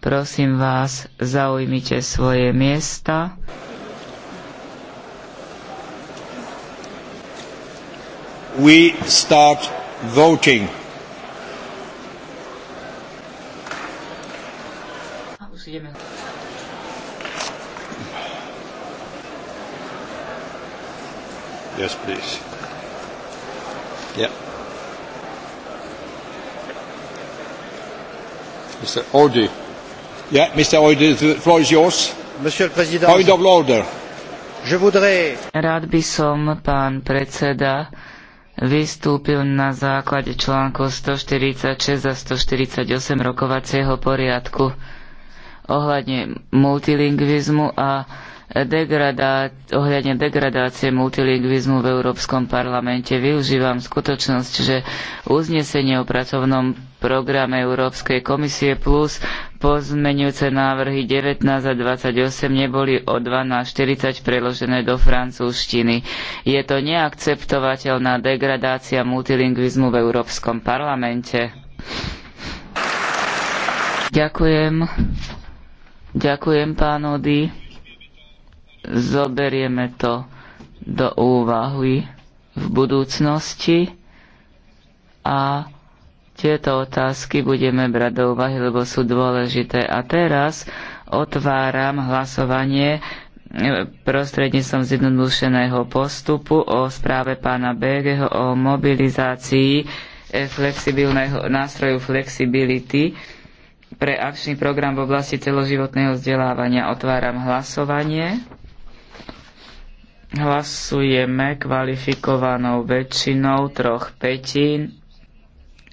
Prosím vás, zaujmite svoje miesta. We start voting. Yes, please. Yeah. Mr. Audi. Monsieur le Président. Point of order. Je voudrais... Rád by som, pán predseda, vystúpil na základe článkov 146 a 148 rokovacieho poriadku ohľadne multilingvizmu a degradá- ohľadne degradácie multilingvizmu v Európskom parlamente. Využívam skutočnosť, že uznesenie o pracovnom programe Európskej komisie plus Pozmeňujúce návrhy 19 a 28 neboli o 12.40 preložené do francúzštiny. Je to neakceptovateľná degradácia multilingvizmu v Európskom parlamente. Ďakujem. Ďakujem, pán Ody. Zoberieme to do úvahy v budúcnosti a tieto otázky budeme brať do úvahy, lebo sú dôležité. A teraz otváram hlasovanie e, prostredníctvom zjednodušeného postupu o správe pána Bergeho o mobilizácii e, flexibilného nástroju flexibility pre akčný program v oblasti celoživotného vzdelávania. Otváram hlasovanie. Hlasujeme kvalifikovanou väčšinou troch petín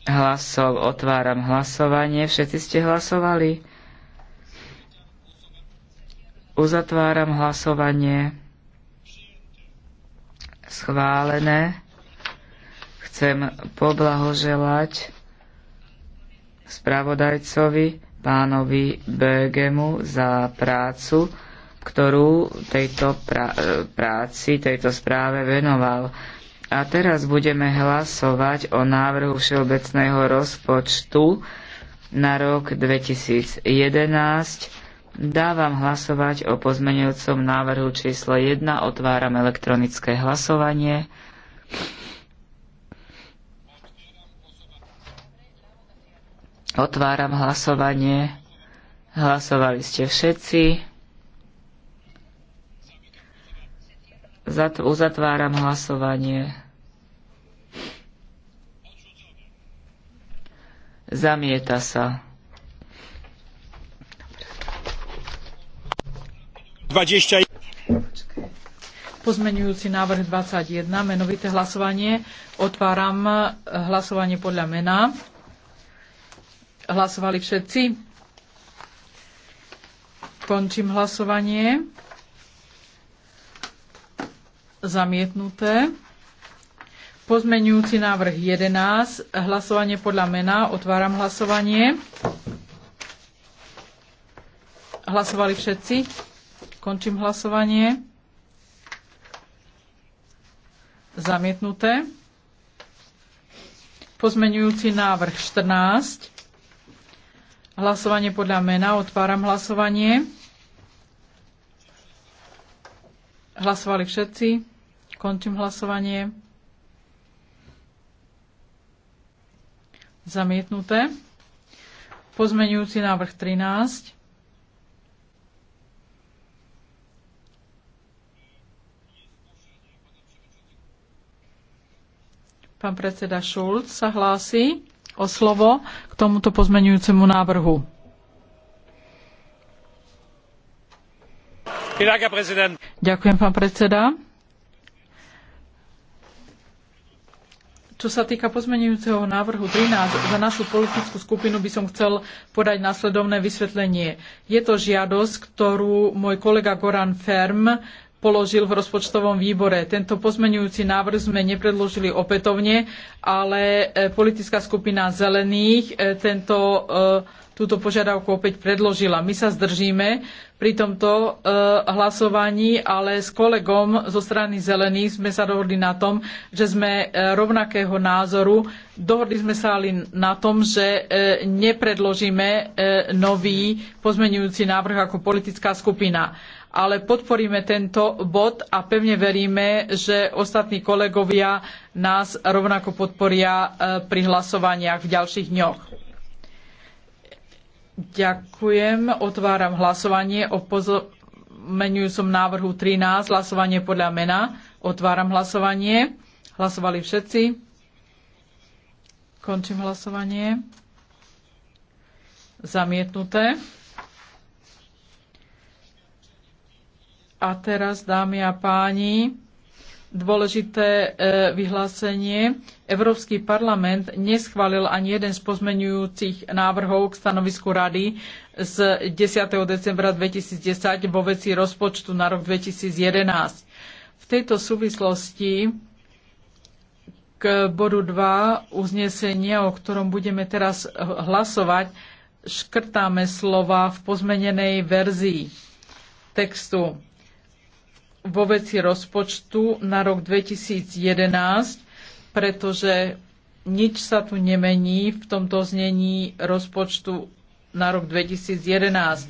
hlasov. Otváram hlasovanie. Všetci ste hlasovali? Uzatváram hlasovanie. Schválené. Chcem poblahoželať spravodajcovi pánovi Bögemu za prácu, ktorú tejto pra- práci, tejto správe venoval. A teraz budeme hlasovať o návrhu všeobecného rozpočtu na rok 2011. Dávam hlasovať o pozmeňujúcom návrhu číslo 1. Otváram elektronické hlasovanie. Otváram hlasovanie. Hlasovali ste všetci. uzatváram hlasovanie. Zamieta sa. 20. Pozmenujúci návrh 21, menovité hlasovanie. Otváram eh, hlasovanie podľa mena. Hlasovali všetci. Končím hlasovanie. Zamietnuté. Pozmeňujúci návrh 11, hlasovanie podľa mena, otváram hlasovanie. Hlasovali všetci? Končím hlasovanie. Zamietnuté. Pozmeňujúci návrh 14. Hlasovanie podľa mena. Otváram hlasovanie. Hlasovali všetci. Končím hlasovanie. Zamietnuté. Pozmenujúci návrh 13. Pán predseda Šulc sa hlási o slovo k tomuto pozmenujúcemu návrhu. Ďakujem, pán predseda. Čo sa týka pozmenujúceho návrhu 13, za našu politickú skupinu by som chcel podať následovné vysvetlenie. Je to žiadosť, ktorú môj kolega Goran Ferm položil v rozpočtovom výbore. Tento pozmenujúci návrh sme nepredložili opätovne, ale e, politická skupina zelených e, tento, e, túto požiadavku opäť predložila. My sa zdržíme, pri tomto e, hlasovaní, ale s kolegom zo strany zelených sme sa dohodli na tom, že sme e, rovnakého názoru. Dohodli sme sa ale na tom, že e, nepredložíme nový pozmenujúci návrh ako politická skupina ale podporíme tento bod a pevne veríme, že ostatní kolegovia nás rovnako podporia pri hlasovaniach v ďalších dňoch. Ďakujem. Otváram hlasovanie o pozmeňujúcom návrhu 13, hlasovanie podľa mena. Otváram hlasovanie. Hlasovali všetci. Končím hlasovanie. Zamietnuté. A teraz, dámy a páni, dôležité e, vyhlásenie. Európsky parlament neschválil ani jeden z pozmenujúcich návrhov k stanovisku Rady z 10. decembra 2010 vo veci rozpočtu na rok 2011. V tejto súvislosti k bodu 2 uznesenia, o ktorom budeme teraz hlasovať, škrtáme slova v pozmenenej verzii textu vo veci rozpočtu na rok 2011, pretože nič sa tu nemení v tomto znení rozpočtu na rok 2011.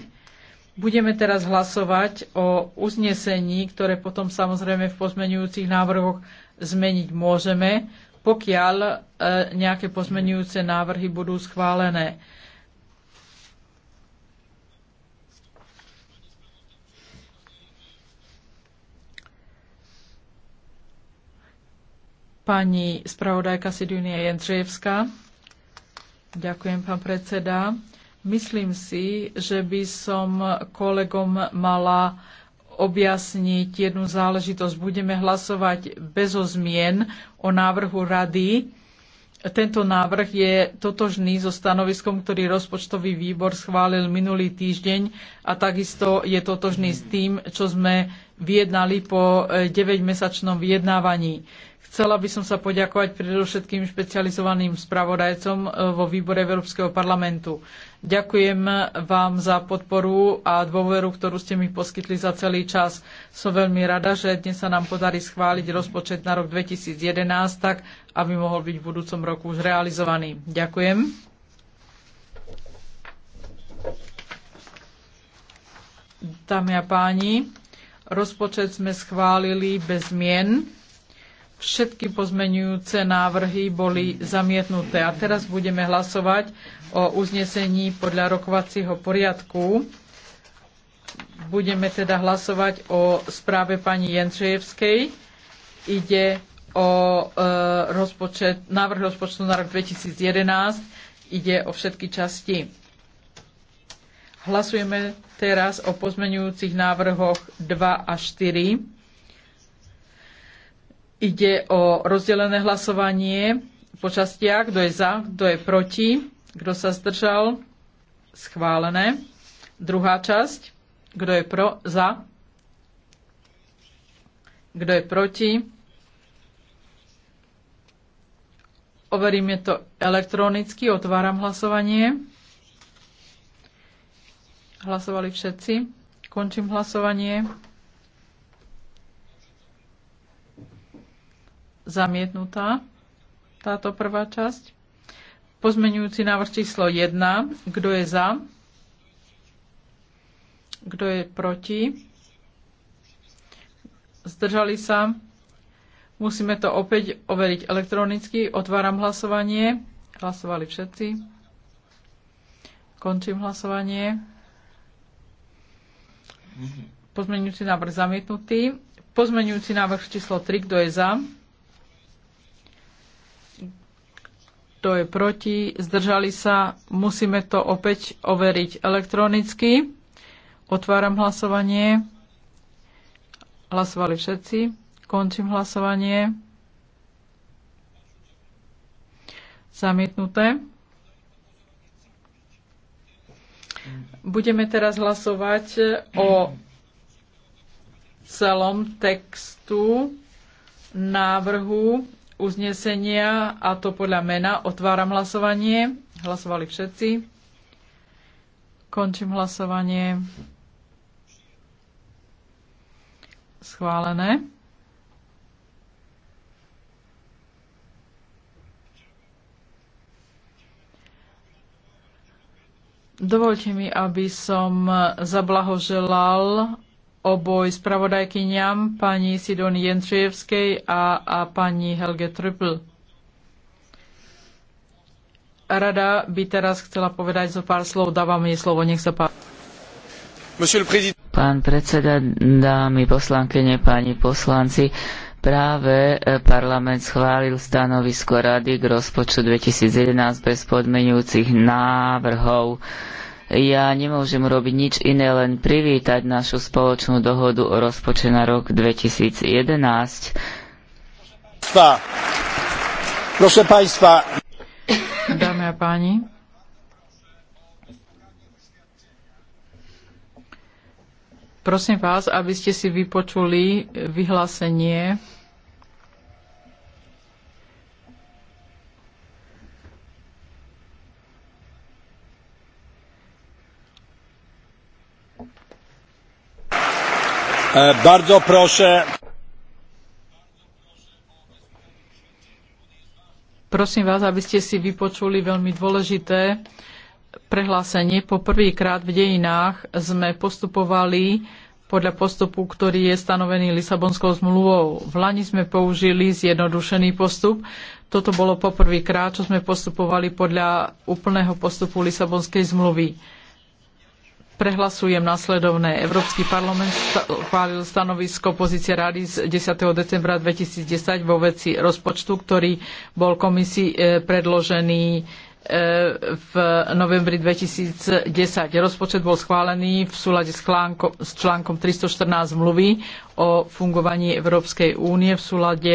Budeme teraz hlasovať o uznesení, ktoré potom samozrejme v pozmenujúcich návrhoch zmeniť môžeme, pokiaľ e, nejaké pozmenujúce návrhy budú schválené. Pani spravodajka Sidunia Jendřejevská. Ďakujem, pán predseda. Myslím si, že by som kolegom mala objasniť jednu záležitosť. Budeme hlasovať bez zmien o návrhu rady. Tento návrh je totožný so stanoviskom, ktorý rozpočtový výbor schválil minulý týždeň a takisto je totožný s tým, čo sme vyjednali po 9-mesačnom e, vyjednávaní. Chcela by som sa poďakovať predovšetkým špecializovaným spravodajcom e, vo výbore Európskeho parlamentu. Ďakujem vám za podporu a dôveru, ktorú ste mi poskytli za celý čas. Som veľmi rada, že dnes sa nám podarí schváliť rozpočet na rok 2011 tak, aby mohol byť v budúcom roku už realizovaný. Ďakujem. Dámy a páni, Rozpočet sme schválili bez zmien. Všetky pozmenujúce návrhy boli zamietnuté. A teraz budeme hlasovať o uznesení podľa rokovacieho poriadku. Budeme teda hlasovať o správe pani Jendřejevskej. Ide o e, rozpočet, návrh rozpočtu na rok 2011. Ide o všetky časti. Hlasujeme teraz o pozmeňujúcich návrhoch 2 a 4. Ide o rozdelené hlasovanie po častiach, kto je za, kto je proti, kto sa zdržal, schválené. Druhá časť, kto je pro, za, kto je proti. Overíme to elektronicky, otváram hlasovanie. Hlasovali všetci. Končím hlasovanie. Zamietnutá táto prvá časť. Pozmenujúci návrh číslo 1. Kto je za? Kto je proti? Zdržali sa? Musíme to opäť overiť elektronicky. Otváram hlasovanie. Hlasovali všetci. Končím hlasovanie. Pozmeňujúci návrh zamietnutý. Pozmeňujúci návrh číslo 3. Kto je za? Kto je proti? Zdržali sa? Musíme to opäť overiť elektronicky. Otváram hlasovanie. Hlasovali všetci. Končím hlasovanie. Zamietnuté. Budeme teraz hlasovať o celom textu návrhu uznesenia a to podľa mena. Otváram hlasovanie. Hlasovali všetci. Končím hlasovanie. Schválené. Dovolte mi, aby som zablahoželal oboj spravodajkyňam pani Sidoni Jendřijevskej a, a pani Helge Trüppel. Rada by teraz chcela povedať zo pár slov. Dávam jej slovo, nech sa páči. Pán predseda, dámy poslankyne, páni poslanci, Práve e, parlament schválil stanovisko Rady k rozpočtu 2011 bez podmenujúcich návrhov. Ja nemôžem robiť nič iné, len privítať našu spoločnú dohodu o rozpočte na rok 2011. Proszę Państwa. Dámy a páni, prosím vás, aby ste si vypočuli vyhlásenie E, bardzo proszę. Prosím vás, aby ste si vypočuli veľmi dôležité prehlásenie. Po prvýkrát v dejinách sme postupovali podľa postupu, ktorý je stanovený Lisabonskou zmluvou. V Lani sme použili zjednodušený postup. Toto bolo poprvýkrát, čo sme postupovali podľa úplného postupu Lisabonskej zmluvy prehlasujem nasledovné. Európsky parlament schválil stanovisko pozície rady z 10. decembra 2010 vo veci rozpočtu, ktorý bol komisii e, predložený e, v novembri 2010. Rozpočet bol schválený v súlade s, článkom 314 mluvy o fungovaní Európskej únie v súlade